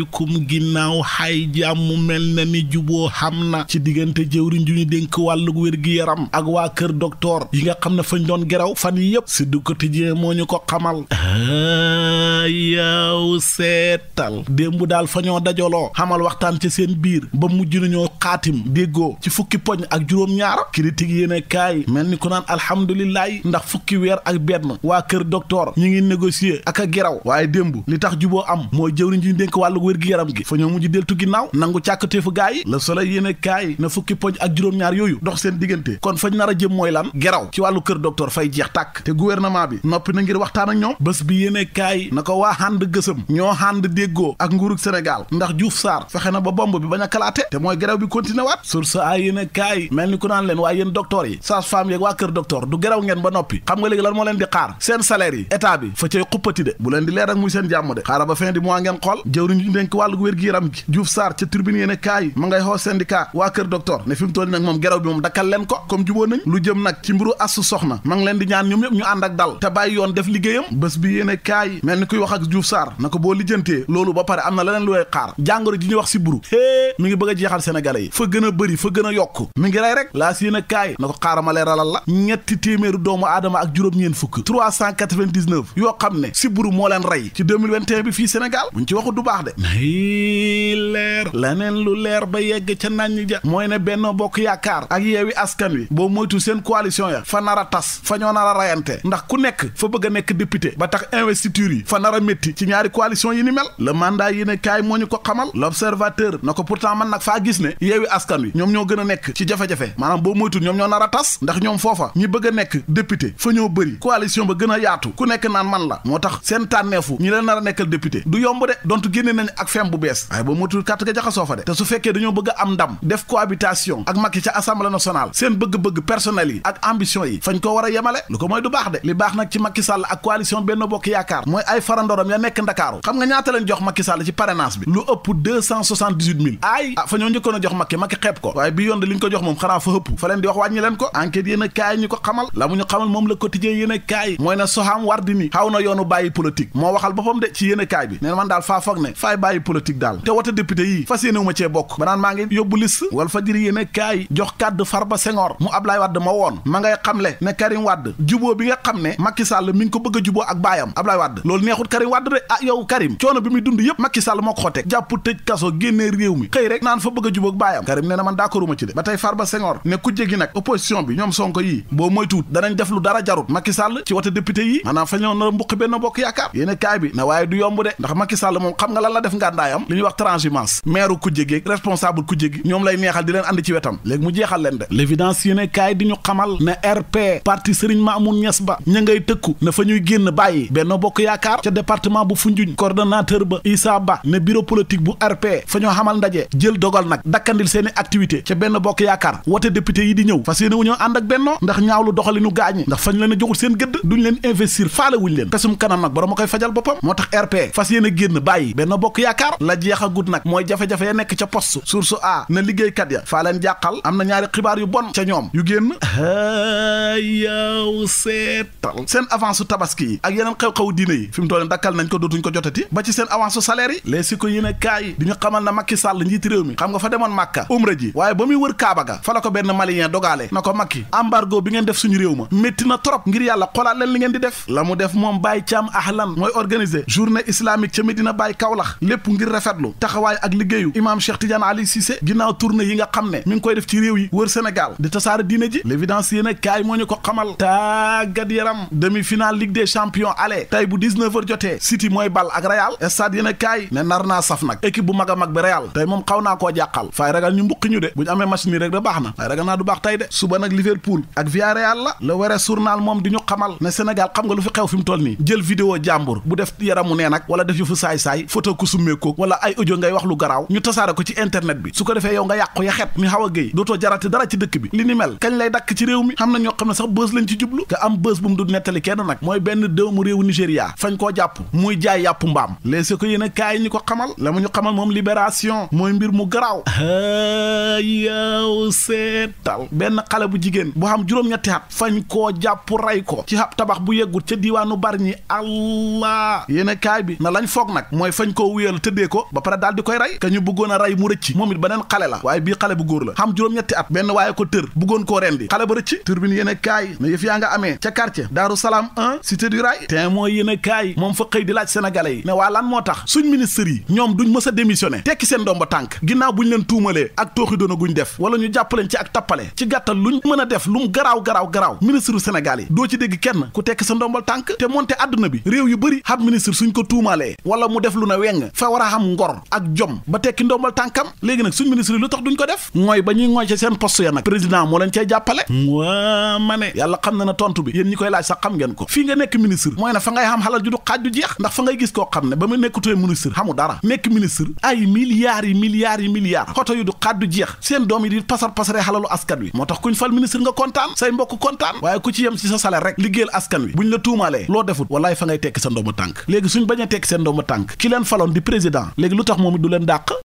bikum ginnaaw xay jaam mu mel na ni juboo xam na ci diggante jëwriñ ju ñu dénk wàllug wér gi yaram ak waa kër docteur yi nga xam ne fañ doon geraw fan yépp si du quotidien moo ñu ko xamal yaw seetal démb daal fa ñoo dajaloo xamal waxtaan ci seen biir ba mujj nañoo xaatim déggoo ci fukki poñ ak juróom-ñaar critique yéene kaay mel ni ku naan alhamdulilahi ndax fukki weer ak benn waa kër docteur ñu ngi négocier ak a geraw waaye démb li tax wér-gi-yaram gi fa ñoo mujj deltu ginnaaw nangu càkkateefu gaa yi Le Soleil yéene kaay na fukki poñ ak juróom-ñaar yooyu dox seen diggante kon fañ nar a jëm mooy lan geraw ci wàllu kër docteur fay jeex tàkk te gouvernement bi noppi na ngir waxtaan ñoom bés bi yéene kaay na ko waa ànd gësëm ñoo ànd déggoo ak nguurug Sénégal ndax Diouf Sarr fexe na ba bomb bi bañ a kalaate te mooy geraw bi continué waat source a yéene kaay mel ni ku naan leen waa kër docteur dénk wàllug wér gi yaram gi Diouf Sarr ca tribune yéene kaay ma ngay xoo syndicat waa kër docteur ne fi mu toll nag moom geraw bi moom dakkal leen ko comme juboo nañ lu jëm nag ci mbiru assu soxna ma ngi leen di ñaan ñoom ñëpp ñu ànd ak dal te bàyyi yoon def liggéeyam bés bi yéene kaay mel ni kuy wax ak Diouf saar na ko boo lijjantee loolu ba pare am na leneen lu way xaar jàngoro ji ñu wax si buru hée mi ngi bëgg a jeexal sénégalais yi fa gën a bëri fa gën a yokk mi ngi rey rek laa si yéene kaay na ko xaarama leeralal la ñetti téeméeru doomu aadama ak juróom-ñeen fukk 399 yoo xam ne si buru moo leen rey ci 2021 bi fii Sénégal buñ ci waxu du baax de nay leer laneen lu leer ba yegg ca nañ ja mooy ne Benno Bokk Yaakaar ak Yewwi Askan Wi boo moytu seen coalition ya fa nar a tas fa ñoo nar rayante ndax ku nekk fa bëgg nekk député ba tax investiture yi fa nar a métti ci ñaari coalition yi ni mel le mandat yi ne moo ñu ko xamal l'observateur na ko pourtant man nag faa gis ne Yewwi Askan Wi ñoom ñoo gën a nekk ci jafe-jafe maanaam boo moytu ñoom ñoo nara tas ndax ñoom foofa ñi bëgga nekk député fa ñoo bëri coalition ba gën a ku nekk naan man la moo tax seen tànneefu ñi leen nar a nekkal député du yomb ne ak fem bu bees waaye ba motul kàtt ga jaxasoo fa de te su fekkee dañoo bëgg a am ndam def cohabitation ak Macky ca assemblée nationale seen bëgg-bëgg personnel yi ak ambition yi fañ ko war yemale lu ko mooy du baax de li baax nag ci Macky Sall ak coalition Benno Bokk Yaakaar mooy ay farandoram ya nekk Ndakaaru xam nga ñaata leen jox Macky Sall ci parrainage bi lu ëpp deux cent ah, fa ñoo njëkkoon jox Macky Macky xeeb ko waaye bi yoon li ñu ko jox moom bàyyi politique daal te wote député yi fas yéene wu ma bokk ba maa ngi yóbbu liste Walf Fadjri yéene kaay jox kàddu Farba Senghor mu Ablaye Wade ma woon ma ngay xamle ne Karim Wade juboo bi nga xam ne Macky Sall ko bëgg a juboo ak baayam Ablaye Wade loolu neexut Karim Wade de ah yow Karim coono bi muy dund yépp Macky Sall moo ko tëj kaso génnee réew mi xëy rek naan fa bëgg a juboo baayam Karim ne na man d'accorduma ci ci a de ndax Macky def ngàndaayam li ñuy wax transhumance maire kujje gi responsable kujje gi ñoom lay neexal di leen ànd ci wetam léegi mu jeexal leen de l'évidence yéene kaay di ñu xamal ne RP parti Serigne Mamoun Niass ba ña tëkku na fa ñuy génn bàyyi benn Bokk Yaakaar ca département bu Foundiougne coordonnateur ba Issa Ba ne bureau politique bu RP fa ñoo xamal ndaje jël dogal nag dakkandil seeni activité ca Benno Bokk Yaakaar wote député yi di ñëw fas yéene wu ànd ak Benno ndax ñaawlu doxalinu gaañi ndax fañ leen a seen gëdd duñ leen investir faale wuñ leen pesum kanam nag borom a koy fajal boppam moo tax yaakaar la jeexagut nag mooy jafe-jafe ya nekk ca poste source a na liggéeykat ya faa leen jàqal am na ñaari xibaar yu bon ca ñoom yu génn yow seetal seen avance su tabaski yi ak yeneen xew-xew diine yi fi mu toll dakkal nañ ko dootuñ ko jotati ba ci seen avance su salaire yi les si ko yéene kaay di ñu xamal na Macky Sall njiit réew mi xam nga fa demoon Makka umra ji waaye ba muy wër Kaaba ga fa la ko benn malien dogaale na ko Macky embargo bi ngeen def suñu réew ma métti na trop ngir yàlla xolaat leen li ngeen di def la mu def moom Baye Thiam ahlan mooy organiser journée islamique ca Medina Baye Kaolack lépp ngir rafetlu taxawaay ak liggéeyu imaam Cheikh Tidiane Ali Cissé ginnaaw tournée yi nga xam ne mi koy def ci réew yi wër Sénégal di tasaare diine ji l'évidence yéen moo ñu ko xamal tàggat yaram demi-finale Ligue des champions aller bu 19h jotee City mooy bal ak Real stade yéen a kaay ne nar naa saf nag équipe bu mag a mag bi Real tey moom xaw naa koo jàqal faay ragal ñu mbuqi ñu de bu ñu amee match nii rek da baax na waaye ragal naa du baax tey de suba nag xam nga lu fi xew fi mu toll nii jël vidéo jàmbur bu def yaramu nee nag wala def yu summeekoog wala ay audio ngay wax lu garaaw ñu tasaare ko ci internet bi su ko defee yow nga yàqu ya xet ni xaw a géy dootoo jarati dara ci dëkk bi li ni mel kañ lay dakk ci réew mi xam na ñoo xam ne sax bës lañ ci jublu nga am bës bu mu du nettali kenn nag mooy benn doomu réewu Nigéria fañ koo jàpp muy jaay yàpp mbaam léeg ko yéen a kaay ñi ko xamal la mu ñu xamal moom libération mooy mbir mu garaaw yow seetal benn xale bu jigéen bu xam juróom-ñetti at fañ koo jàpp ray ko ci ab bu yeggut ca diiwaanu Bargny allah yéen a kaay bi na lañ foog nag mooy viol tëddee ko ba pare daal di koy rey ka ñu bëggoon a rey mu rëcc moom it beneen xale la waaye bii xale bu góor la xam juróom-ñetti at benn waaye ko tër bëggoon koo rendi xale ba rëcc turbine yéen a kaay ne yëf yaa nga amee ca quartier Daaru Salaam 1 cité du rail te mooy a kaay moom fa xëy di laaj sénégalais yi ne waa lan moo tax suñ ministre yi ñoom duñ mës a démissionné tekki seen domba tànk ginnaaw buñ leen tuumalee ak tooxi doona guñ def wala ñu jàppaleen ci ak tappale ci gàttal luñ mën a def lu mu garaaw garaaw garaaw ministre sénégal yi doo ci dégg kenn ku tekki sa ndombal tànk te monte àdduna bi réew yu bëri hab ministre suñ ko tuumalee wala mu def lu na fa war a xam ngor ak jom ba tekki ndombal tànkam léegi nag suñ ministre lu tax duñ ko def mooy ba ñuy ca seen poste ya nag président moo leen cay jàppale waa ma ne yàlla xam na na tontu bi yéen ñi koy laaj sax xam ngeen ko fii nga nekk ministre mooy ne fa ngay xam xalal ju du xaaj du jeex ndax fa ngay gis koo xam ne ba mu nekkutee ministre xamu dara nekk ministre ay milliards yi milliards yi milliards xoto yu du xaaj du jeex seen doom yi di pasar pasaree moo tax kuñ fal ministre nga kontaan say mbokk kontaan waaye loo a tekki seen ndooma di président léegi lu tax moom it du leen dàq